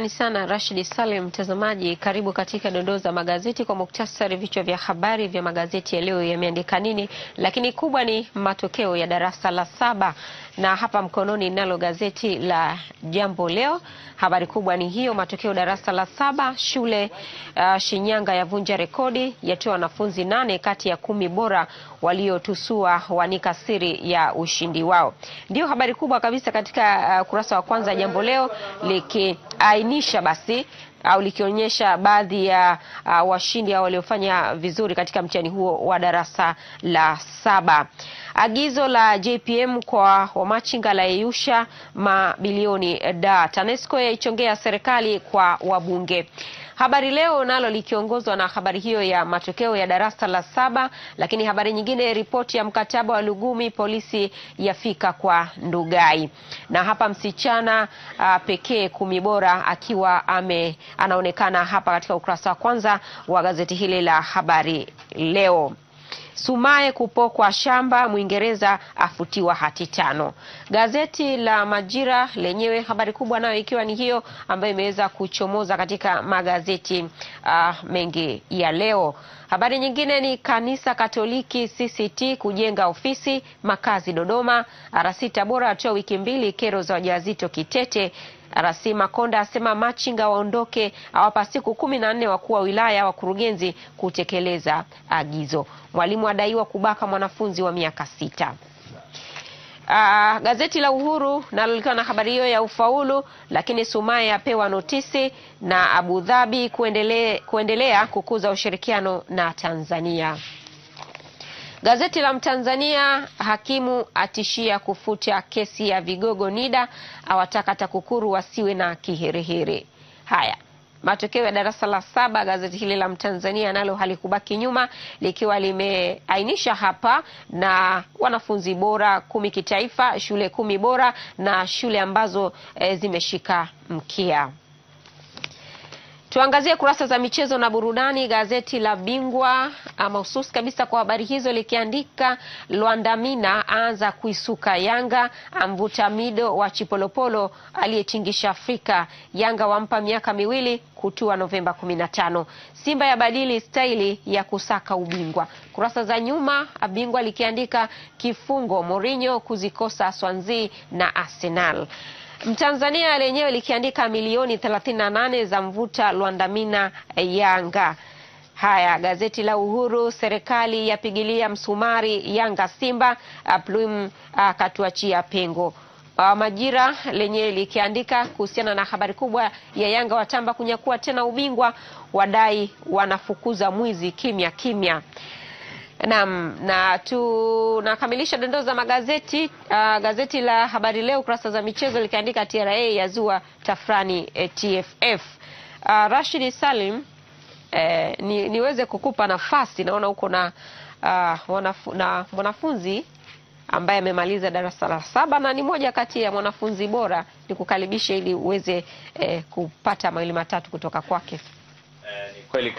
Shukrani sana Rashid salim Mtazamaji, karibu katika dondoo za magazeti kwa muktasari. Vichwa vya habari vya magazeti ya leo yameandika nini, lakini kubwa ni matokeo ya darasa la saba na hapa mkononi nalo gazeti la Jambo Leo, habari kubwa ni hiyo, matokeo darasa la saba shule uh, Shinyanga yavunja rekodi, yatoa wanafunzi nane kati ya kumi bora waliotusua wanika siri ya ushindi wao. ndio habari kubwa kabisa katika uh, kurasa wa kwanza Jambo Leo likiainisha basi au likionyesha baadhi ya uh, washindi au waliofanya vizuri katika mtihani huo wa darasa la saba. Agizo la JPM kwa wamachinga la yeyusha mabilioni eh, da. TANESCO yaichongea serikali kwa wabunge. Habari Leo nalo likiongozwa na habari hiyo ya matokeo ya darasa la saba, lakini habari nyingine, ripoti ya mkataba wa Lugumi, polisi yafika kwa Ndugai, na hapa msichana pekee kumi bora akiwa ame anaonekana hapa katika ukurasa wa kwanza wa gazeti hili la Habari Leo. Sumaye kupokwa shamba, Mwingereza afutiwa hati tano. Gazeti la Majira lenyewe habari kubwa nayo ikiwa ni hiyo ambayo imeweza kuchomoza katika magazeti uh, mengi ya leo. Habari nyingine ni kanisa Katoliki CCT kujenga ofisi makazi Dodoma, RC Tabora atoa wiki mbili kero za wajawazito Kitete. Rasi Makonda asema machinga waondoke, awapa siku kumi na nne wakuu wa wilaya wakurugenzi kutekeleza agizo. Mwalimu adaiwa kubaka mwanafunzi wa miaka sita. Uh, gazeti la Uhuru nalo likiwa na habari hiyo ya ufaulu, lakini Sumaye apewa notisi na Abu Dhabi kuendelea kukuza ushirikiano na Tanzania. Gazeti la Mtanzania, hakimu atishia kufuta kesi ya vigogo NIDA, awataka TAKUKURU wasiwe na kiherehere. Haya matokeo ya darasa la saba. Gazeti hili la Mtanzania nalo halikubaki nyuma, likiwa limeainisha hapa na wanafunzi bora kumi kitaifa, shule kumi bora na shule ambazo e, zimeshika mkia. Tuangazie kurasa za michezo na burudani. Gazeti la Bingwa ah, mahususi kabisa kwa habari hizo likiandika Lwandamina aanza kuisuka Yanga, amvuta Mido wa Chipolopolo aliyetingisha Afrika. Yanga wampa miaka miwili kutua Novemba 15. Simba ya badili staili ya kusaka ubingwa. Kurasa za nyuma ah, Bingwa likiandika kifungo Mourinho kuzikosa Swansea na Arsenal. Mtanzania lenyewe likiandika milioni 38 za mvuta Lwandamina Yanga. Haya, gazeti la Uhuru, serikali yapigilia msumari Yanga Simba, aplum akatuachia pengo. Majira lenyewe likiandika kuhusiana na habari kubwa ya Yanga watamba kunyakua tena ubingwa, wadai wanafukuza mwizi kimya kimya. Naam, na tunakamilisha dondoo za magazeti. Uh, gazeti la Habari Leo kurasa za michezo likiandika TRA yazua tafrani eh, TFF. Uh, Rashid Salim eh, ni, niweze kukupa nafasi, naona uko na uh, mwanafunzi uh, ambaye amemaliza darasa la saba na ni moja kati ya mwanafunzi bora, nikukaribishe ili uweze eh, kupata mawili matatu kutoka kwake. Eh,